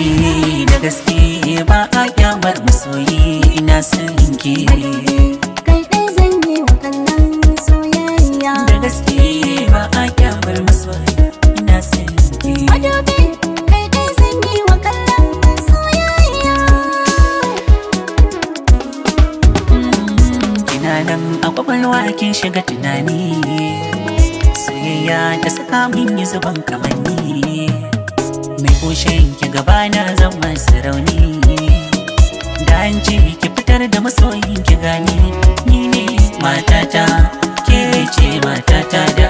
yi da gaske ba a kyamar masoyi ina son ki kai zan yi wa kallon da gaske ba a masoyi ina zan yi wa kallon hmm, nan kwakwalwa kin shiga tunani soyayya ta saka min yi zuban kamanni kushen ki gaba na zan masa rauni da an ki fitar da masoyin ki gani ni ne matata ke ce matata da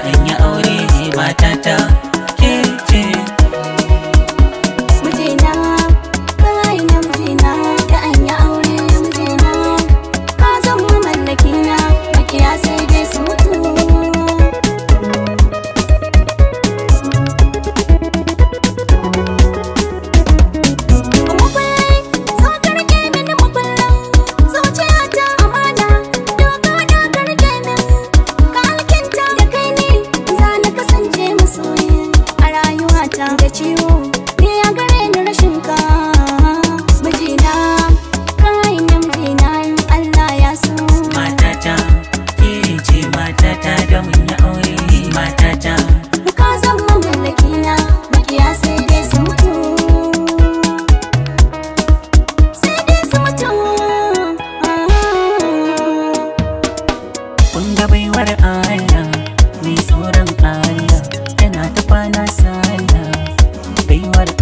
kafar Allah mai tsoron Allah yana ta kwana sallah baiwar